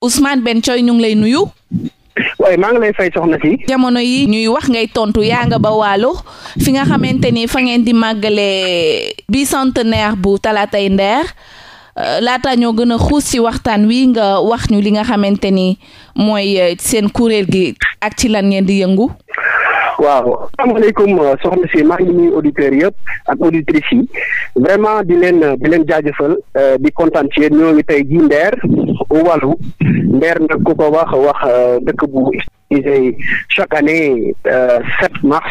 Ousmane Ben Thioy ñu ngi lay nuyu. waaye maa ngi lay fay soxna si. jamono yi ñuy wax ngay tontu yaa nga ba waalo fi nga xamante ni fa ngeen di màggalee bicentenaire bu talaatay Nder euh, laata ñoo gën a xuus ci waxtaan wi nga wax ñu li nga xamante ni mooy euh, seen kuréel gi ak ci lan ngeen di yëngu. waaw asalaamaaleykum euh, soxna si maa ngi nuyu auditeurs yëpp ak auditrices yi vraiment di leen euh, di leen jaajëfal euh, di kontaan ci yéen ñoo ngi tey jii Nder wàllu Nder nag ku ko wax wax dëkk bu organisé chaque année sept mars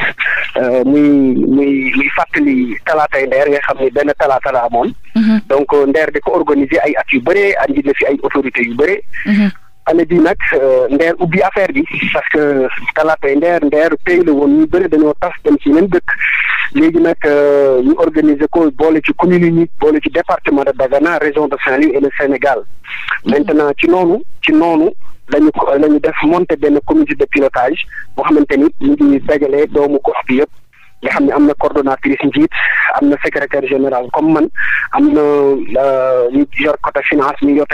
muy muy muy fàttali talaatay Nder nga xam ne benn talaata la amoon mhm. donc Nder di ko organiser ay at yu bëree andi na fi ay autorités yu bëree mhm. année bii nag euh, ndeer ubbi affaire bi parce que talaatay ndeer ndeer pays la woon ñu bëri dañoo tas dem ci yeneen dëkk léegi nag euh, ñu organiser ko boole ci commune yi ñu boole ci département de Dagana région de Saint-Louis et le maintenant ci noonu ci noonu lañu ko lañu def monter benn comité de pilotage boo xamante ni ñu ngi dajalee doomu gox bi yëpp nga xam ne am na coordonnatrice njiit am na secrétaire général comme man am na euh, ñu yor côté finance ñu yor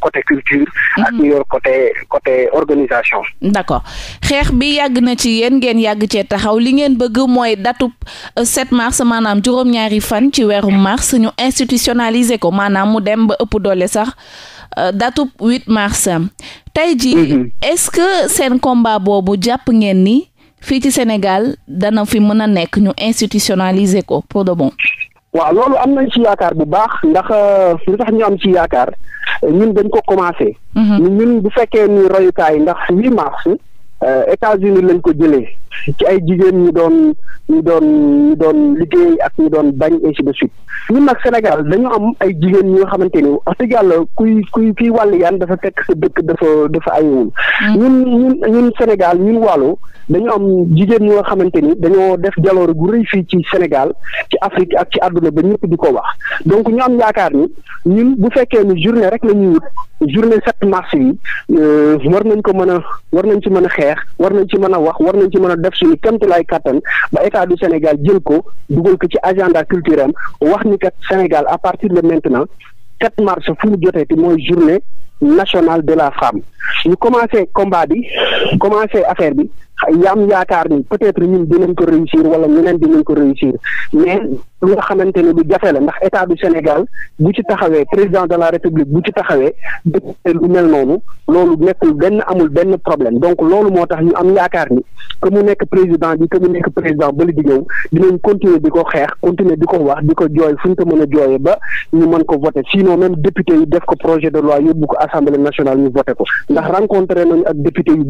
côté culture. ak mhm. ñu yor côté côté organisation. d'accord xeex bi yàgg na ci yéen ngeen yàgg cee taxaw li ngeen bëgg mooy datu 7 mars maanaam juróom-ñaari fan ci weeru mars ñu institutionnaliser ko maanaam mu dem ba ëpp doole sax euh, datu 8 mars tey ji mhm. est-ce que seen combat boobu jàpp ngeen ni. fii ci Sénégal dana fi mën a nekk ñu institutionnaliser ko pour de bon. waaw loolu am nañ ci yaakaar bu baax ndax euh, li tax ñu am ci yaakaar ñun dañ ko commencé. Mhm. ñun bu fekkee ni royukaay ndax huit mars euh, États-Unis lañ ko jëlee. ci ay jigéen ñu doon ñu doon ñu doon liggéey ak ñu doon bañ ainsi de suite ñun nag Sénégal dañu am ay jigéen ñoo xamante ni wax dëgg yàlla kuy kuy kuy wàll dafa fekk sa dëkk dafa dafa ayewul mm. Sénégal ñun wàllu dañu am jigéen ñi xamante ni dañoo def jaloor gu rëy fii ci Sénégal ci Afrique ak ci àdduna ba ñëpp di ko wax donc ñu am yaakaar ni ñun bu fekkee ni journée rek la ñuy wut journée sept mars yi euh, war nañ ko mën a war nañ ci mën a xeex war nañ ci mën a wax war nañ ci mën a def suñu kéemtulaay kattan ba état du Sénégal jël ko dugal ko ci agenda culturel wax ni kat Sénégal à partir de maintenant 7 mars fu mu jotee te mooy journée nationale de la femme ñu commencé combat bi commencé affaire bi. yam yaakaar ni peut-être ñun dinañ ko réussir wala ñeneen dinañ ko réussir mais lu nga xamante ne lu jafe la ndax état du Sénégal bu ci taxawee président de la république bu ci taxawee dëkk lu mel noonu loolu nekkul benn amul benn problème donc loolu moo tax ñu am yaakaar ni que mu nekk président bi que mu nekk président bële di ñëw dinañ continuer di ko xeex continuer di ko wax di ko jooy fu ñu ko mën a jooyee ba ñu mën ko voter sinon même député yi def ko projet de loi yóbbu ko assemblée ko ndax rencontré nañu ak député yu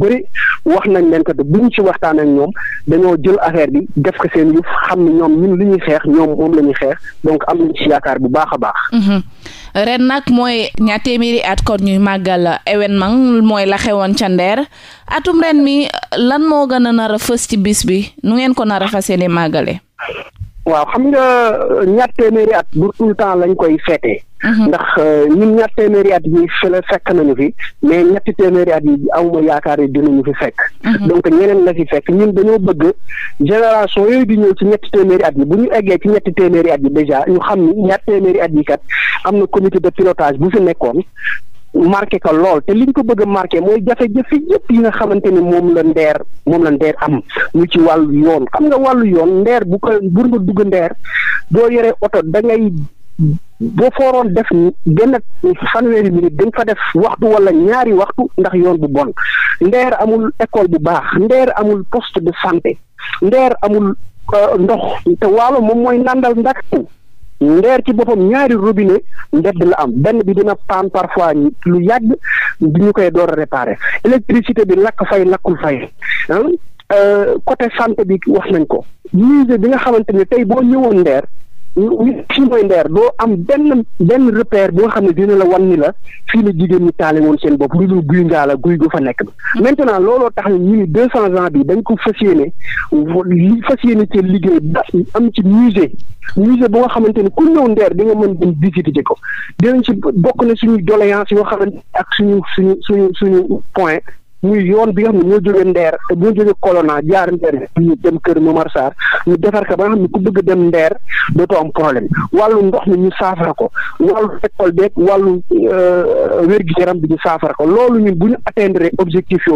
buñ ci waxtaan ak ñoom dañoo jël affaire bi def ko seen yëf xam ne ñoom ñun li ñuy xeex ñoom moom la ñuy xeex donc am nañ ci yaakaar bu baax a baax. Mhm. ren nag mooy ñaar téeméeri at kon ñuy màggal événement mooy la xewoon ca Nder atum ren mi lan moo gën a nar fës ci bis bi nu ngeen ko nar a fas màggale. waaw xam nga euh, ñaar téeméeri at bu tout le temps lañ koy feetee. Mhm. ndax euh, ñun ñaar téeméeri at yi fi la fekk nañu fi mais ñetti téeméeri at yi amuma yaakaar yi dinañu fi fekk. Mhm. donc ñeneen la fi fekk ñun dañoo bëgg génération yooyu di ñëw ci ñetti téeméeri at yi bu ñu eggee ci ñetti téeméeri at yi déjà ñu xam ni ñaar téeméeri at yi kat am na comité de pilotage bu fi nekkoon. marqué ko lool te liñ ko bëgg a marqué mooy jafe-jafe yëpp yi nga xamante ne moom la ndeer moom la ndeer am ñu ci wàllu yoon xam nga wàllu yoon ndeer bu ko bur nga dugg ndeer boo yoree oto da ngay boo fooroon def benn fanweeri minute dañ fa def waxtu wala ñaari waxtu ndax yoon bu bon ndeer amul école bu baax ndeer amul poste de santé ndeer amul euh, ndox te waalo moom mooy nandal ndax ndeer ci boppam ñaari robinet ndedd la am benn bi dina paan parfois lu yàgg du ñu koy door a réparer électricité bi lakk fay lakkul fay ah? euh, côté santé bi wax nañ ko musée bi nga xamante ne tey boo ñëwoon ndeer nit fii mooy ndeer doo am benn benn repère nga xam ne dina la wan ni la fii la jigéen ñi taale woon seen bopp lu dul guy ngaa la guy gu fa nekk bi maintenant looloo tax ne ñu ni deux cent ans bi dañ ko fas yéene li fas yéene liggéey ba am ci musée musée bu nga xamante ni ku ñëw ndeer di nga mën dem visiter ko dinañ ci bokk na suñu doléance yoo xamante ak suñu suñu suñu suñu point muy yoon bi nga xam ne moo jóge Ndeer moo jóge dem kër Momar Sarr ñu defar ko ba nga xam ne dem Ndeer dootoo wàllu ndox mi ñu saafara ko wàllu école beeg wàllu euh, wér-gu-yaram bi ñu saafara ko loolu ñun bu ñu objectif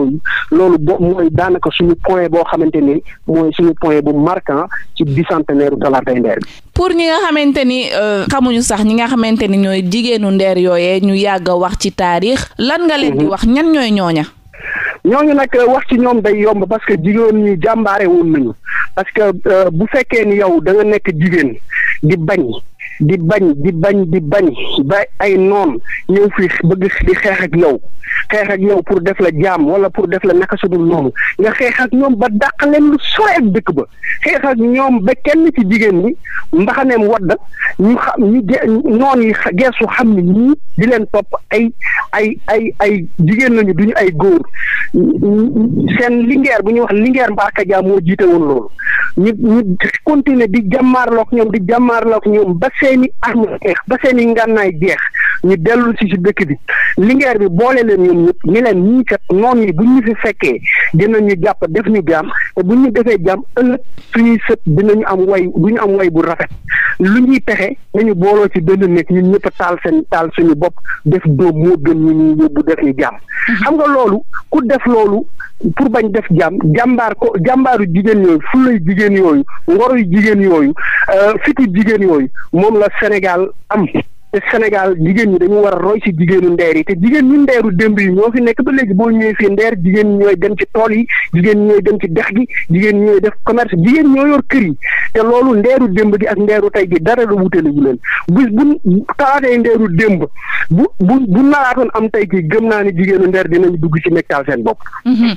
loolu bo mooy daanaka suñu point boo xamante ni mooy suñu point bu marquant ci bicentenaire u Talaatay Ndeer bi pour ñi nga xamante ni euh, xamuñu sax ñi nga xamante ni ñooy jigéenu Ndeer yooye ñu yàgg a wax ci taarix lan nga leen di mm-hmm. wax ñan ñooy ñooña ñooñu nag euh, wax ci ñoom day yomb parce que jigéen ñu jàmbaare woon nañu parce que euh, bu fekkee ni yow da nga nekk jigéen di bañ di bañ di bañ di bañ ba ay noon ñëw fi bëgg di xeex ak yow xeex ak yow pour def la jaam wala pour def la naka sudul noonu nga xeex ak ñoom ba dàq leen lu sore ak dëkk ba xeex ak ñoom ba kenn ci jigéen ñi mbaxaneem wadda ñu xam ñu noon yi geesu xam ne ñii di leen topp ay ay ay ay jigéen lañu duñu ay góor seen lingeer bu ñu wax lingeer mbaaka jaam moo jiite woon loolu ñu ñu continuer di jàmmaarlook ñoom di jàmmaarlook ñoom ba seen i jeex ba seen i ngànnaay jeex ñu dellu si si dëkk bi lingeer bi boole leen ñoom ñëpp ñu leen ñii kat bu ñu fi fekkee dinañu jàpp def ni jaam te bu ñu defee jaam ëllëg suñuy sët dinañu am way bu ñu am way bu rafet lu ñuy pexe nañu booloo ci benn nekk ñu ñëpp taal seen taal suñu bopp def doom moo gën ñu ñuy yóbbu def ñu jaam mhm. xam nga loolu ku def loolu pour bañ def jaam jàmbaar ko jàmbaaru jigéen yooyu fulay jigéen yooyu ngoruy jigéen yooyu euh, fitu jigéen moom la Sénégal am te Sénégal jigéen ñi dañu war a roy ci jigéenu ndeer yi te jigéen ñu ndeeru démb yi ñoo fi nekk ba léegi boo ñëwee fii ndeer jigéen ñi ñooy dem ci tool yi jigéen ñi ñooy dem ci dex gi jigéen ñi ñooy def commerce jigéen ñoo yor kër yi te loolu ndeeru démb gi ak ndeeru tey gi dara la wutale wu leen bu bu talaatee ndeeru démb bu bu bu nalaatoon am tey gi gëm naa ne jigéenu ndeer dinañ dugg ci nekkal seen bopp. Mhm.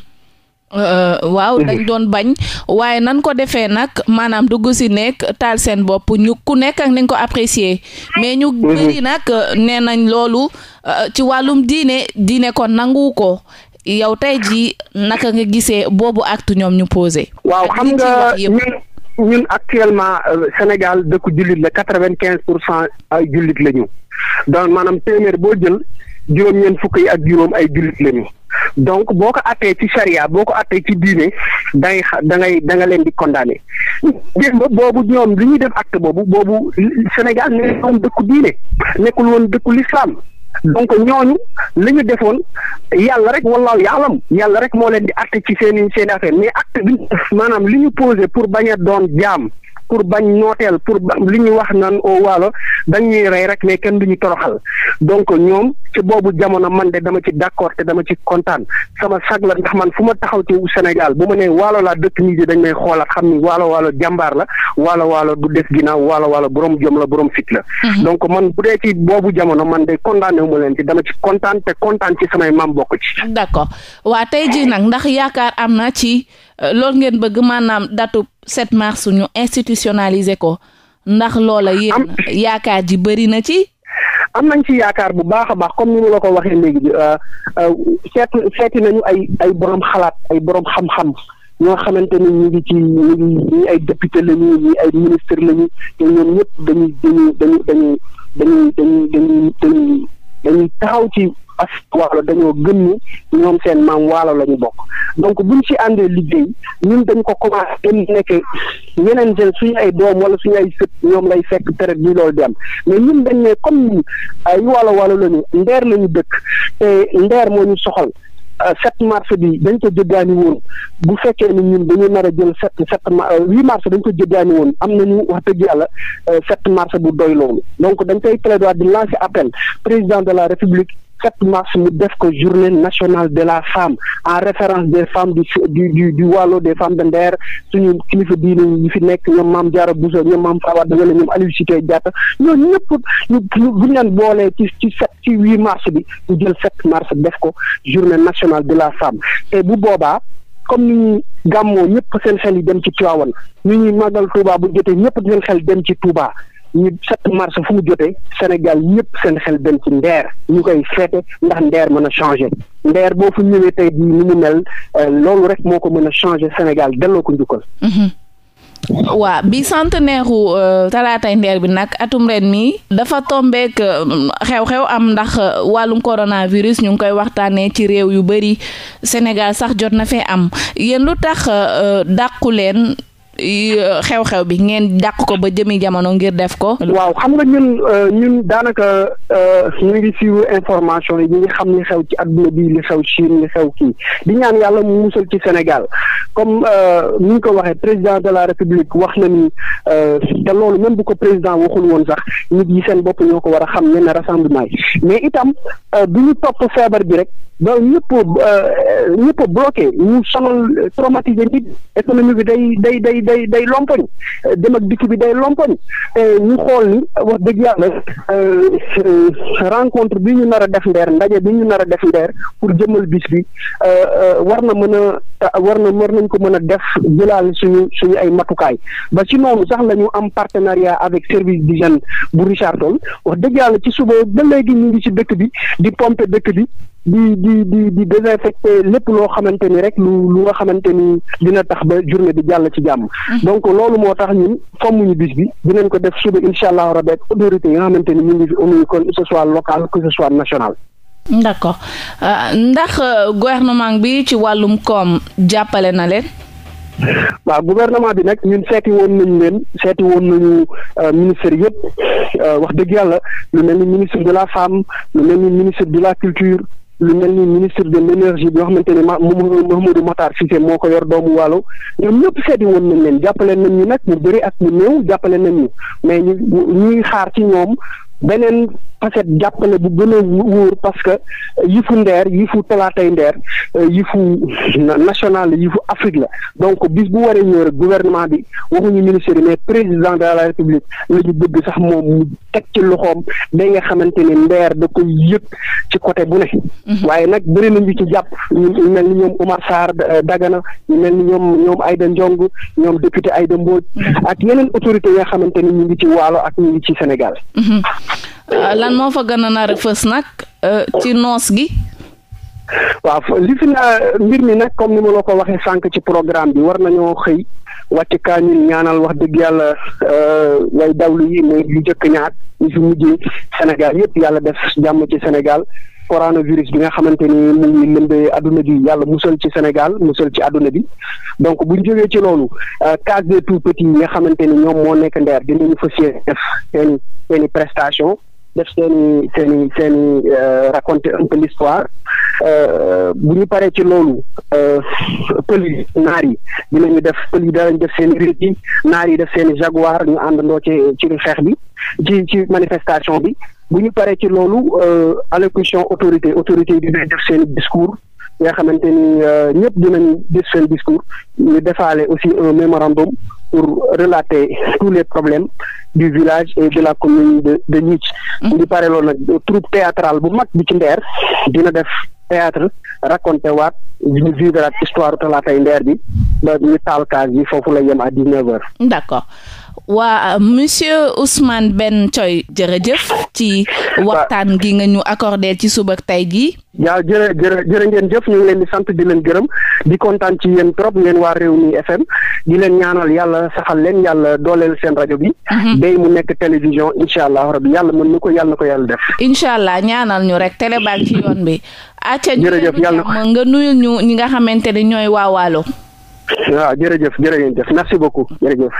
Euh, waaw mhm. dañ doon bañ waaye nan ko defee nag maanaam dugg si nekk taal seen bopp ñu ku nekk ak nañ ko apprécier mais ñu mhm. bëri nag euh, nee nañ loolu euh, ci wàllum diine diine ko nangu ko yow tey ji naka nga gisee boobu acte ñoom ñu posé waaw xam nga ñun ñun actuellement Sénégal dëkku jullit la quatre vingt quinze pour cent ay jullit la ñu donc maanaam téeméer boo jël juróom-ñeent fukk yi ak juróom ay jullit la ñu donc boo ko attee ci charia boo ko attee ci diine dangay xa da ngay da nga leen di condamné démb boobu ñoom li ñuy def acte boobu boobu Sénégal nekkul woon dëkku diine nekkul woon dëkku lislaam donc ñooñu li ñu defoon yàlla rek wallaahu yaalam yàlla rek moo leen di acte ci seen i mais acte bi maanaam li ñu posé pour bañ a doon jaam pour bañ nooteel pour li ñu wax naan au waalo dañ ñuy rey rek mais kenn du ñu toroxal donc ñoom ci boobu jamono man de dama ci d'accord te dama ci kontaan sama sag man fu ma taxaw ci Sénégal bu ma nee waalo laa dëkk nii dañ may xoolaat xam ni waalo waalo jàmbaar la waalo du des ginnaaw waalo waalo borom jom la borom fit la. Mhm. donc man bu dee ci boobu jamono man de kontaanee wu ma leen ci dama ci kontaan kontaan ci samay maam bokk ci. d'accord waa tey jii nag ndax yaakaar am na ci. Euh, loolu ngeen bëgg maanaam datu 7 mars ñu institutionnaliser ko ndax loola yéen yaakaar ji bëri na ci am nañ ci yaakaar bu baax a baax comme ni ma la ko waxee léegi euh, euh, seet seeti nañu ay ay boroom xalaat ay boroom xam-xam ñoo xamante ni ñu ngi ci ñu ngi ay député lañu ñi ay ministre lañu te ñoom ñëpp dañuy dañuy dañuy dañu dañuy dañuy dañuy dañuy taxaw ci parce que waalo dañoo gën ni ñoom seen maam waalo la ñu bokk donc buñ ci àndee liggéey ñun dañ ko commencé dem nekk ñeneen seen suñu ay doom wala suñu ay ñoom lay fekk traite bi loolu di am mais ñun dañ comme ay waalo waalo la ñu ndeer dëkk te moo ñu soxal euh, sept mars bi dañ ko jëggaani woon bu fekkee ni ñun dañu nar a set sept sept euh, huit mars dañ ko jëggaani woon am nañu wax dëgg yàlla euh, sept mars bu doy loolu donc dañ koy plaidoyer di lancer appel président de la république 7 mars mu def ko journée nationale de la femme en référence des femmes du du du, du Waalo des femmes de Nder suñu kilifa diine ñu fi nekk ñoom maam Diarra Bousso ñoom maam Fawa Dagale ñoom Aliou Cité Diatta ñooñu ñëpp ñu buñ leen boolee ci ci sept ci huit mars bi ñu jël 7 mars def ko journée nationale de la femme te bu boobaa comme ni gàmmoo ñëpp seen xel yi dem ci Tiwaawan ñu ñuy màggal Touba bu jotee ñëpp seen xel dem ci Touba. ñu 7 mars fu mu jotee Sénégal ñëpp seen xel dem ci ndeer ñu koy feete ndax ndeer mën a changé ndeer boo fu ñëwee tey jii ni mu mel euh, loolu rek moo ko mën a changé Sénégal delloo ko njukkal. Mhm. waaw bi centenaire u euh, talaatay ndeer bi nag atum ren mi dafa tombeek euh, xew-xew am ndax wàllum coronavirus ñu ngi koy waxtaanee ci réew yu bëri Sénégal sax jot na fee am yéen lu tax dàqu Euh, xew-xew bi ngeen dàq ko ba jëmi jamono ngir def ko. waaw xam nga ñun euh, ñun daanaka euh, ñu ngi suivre information yi ñu ngi xam ni xew ci adduna bi li xew Chine li xew kii di ñaan yàlla mu musal ci Sénégal comme ni ñu ko waxee président de la république wax na ni te loolu même bu ko président waxul woon sax nit yi seen bopp ñoo ko war a xam ne ne rassemblement yi mais itam du euh, ñu topp feebar bi rek ba ñëpp euh, euh, ñëpp bloqué ñu sonal traumatisé nit économie bi day day day day day lompoñ dem ak dikk bi day lompoñ te ñu xool ni wax dëgg yàlla rencontre bi ñu nar a def ndeer ndaje bi ñu nar a def ndeer pour jëmmal bis bi war na mën a war na war nañ ko mën a def jëlaal suñu suñu ay matukaay ba si noonu sax la am partenariat avec service d'hygiène bu Richard Toll wax dëgg yàlla ci suba ba léegi ñu ngi ci dëkk bi di pomper dëkk bi di di di di désinfecter lépp loo xamante ni rek lu lu nga xamante ni dina tax ba journée bi jàll ci jàmm. Mm-hmm. donc loolu moo tax ñun fommuñu bis bi dinañ ko def suba incha allah rabi ak autorité yi nga xamante ni ñu ngi fi amuñu kon que ce soit local que ce soit national. d' accord euh, ndax euh, gouvernement bi ci wàllum kom jàppale na leen. waaw gouvernement bi nag ñun seeti woon nañu leen seeti woon nañu euh, ministère yëpp euh, wax dëgg yàlla lu mel ni ministre de la femme lu mel ni ministre de la culture lu mel ni ministre de l'énergie bi nga xamante ne ma Mahamadou Matar Cissé moo ko yor doomu Waalo ñoom ñëpp seeti woon nañ leen jàppale nañ ñu nag ñu bëri ak ñu néew jàppale nañ ñu mais ñu ñuy xaar ci ñoom beneen peut-être jàppale bu gën a wóor parce que euh, yëfu ndeer yëfu talaatay ndeer euh, yifu national yifu yëfu Afrique la donc bis bu waree ñëw rek gouvernement bi waxuñu ministère yi mais président de la république la ñu bëgg sax moom mu teg ci loxoom ba nga xamante ne ndeer da koy yëg ci côté bu ne. Mhm. waaye nag bëri nañu ci jàpp ñu mel ni ñoom Oumar Sarr euh, Dagana ñu mel ni ñoom ñoom Aïda Ndiong ñoom député Aïda Mbodj mhm. ak yeneen autorités nga xamante ni ñu ngi ci waalo ak ñu ngi ci Sénégal. Mhm. Euh, lan moo fa gën a fës nag euh, ci noos gi. waaw li fi na mbir mi nag comme ni ma la ko waxee sànq ci programme bi war nañoo xëy wàcc kaa ñun ñaanal wax dëgg yàlla euh, way dawlu yi mooy lu jëkk ñaar ñu fi mujjee Sénégal yëpp yàlla def jàmm ci Sénégal coronavirus bi nga xamante ni mu ngi lëmbee adduna bi yàlla musal ci Sénégal musal ci adduna bi donc buñ jógee ci loolu case des tout petits yi nga xamante ni ñoom moo nekk ndeer dinañu fas yéene def seen seeni prestation def seen i seen i seen i euh, raconter un peu l'histoire euh, bu ñu paree ci loolu euh, pël yi naar yi ñu def pël yi danañ def seen i rit yi naar yi def seen i jaguar ñu àndandoo ci ci xeex bi ci ci manifestation bi bu ñu paree ci loolu allocution autorité autorité yi dinañ def seen i discours nga xamante ni ñëpp dinañ def seen discours ñu defaale aussi un mémorandum pour relater tous les problèmes du village et de la commune de de Nitch mhm. di pare lool nag troupe théâtrale bu mag bi ci Nder dina def théâtre raconté waat ñu vivre histoire talaatay Nder bi ba ñu taal kaas yi foofu la yem a dix-neuf waa monsieur Ousmane Ben Thioy jërëjëf ci waxtaan gi nga ñu accordé ci suba tey jii. yaa jërë jërë jërë ngeen jëf ñu leen di sant di leen gërëm di kontaan ci yéen trop ngeen waa Rewmi FM di leen ñaanal yàlla saxal leen yàlla dooleel seen rajo bi. Mhm. day mu nekk télévision incha allah rabi yàlla mën na ko yàlla na ko yàlla def. incha allah ñaanal ñu rek télé baa ci yoon bi. jërëjëf yàlla na nga nuyul ñu ñi nga xamante ne ñooy waa Waalo. waaw jërëjëf jërë ngeen jëf merci beaucoup jërëjëf.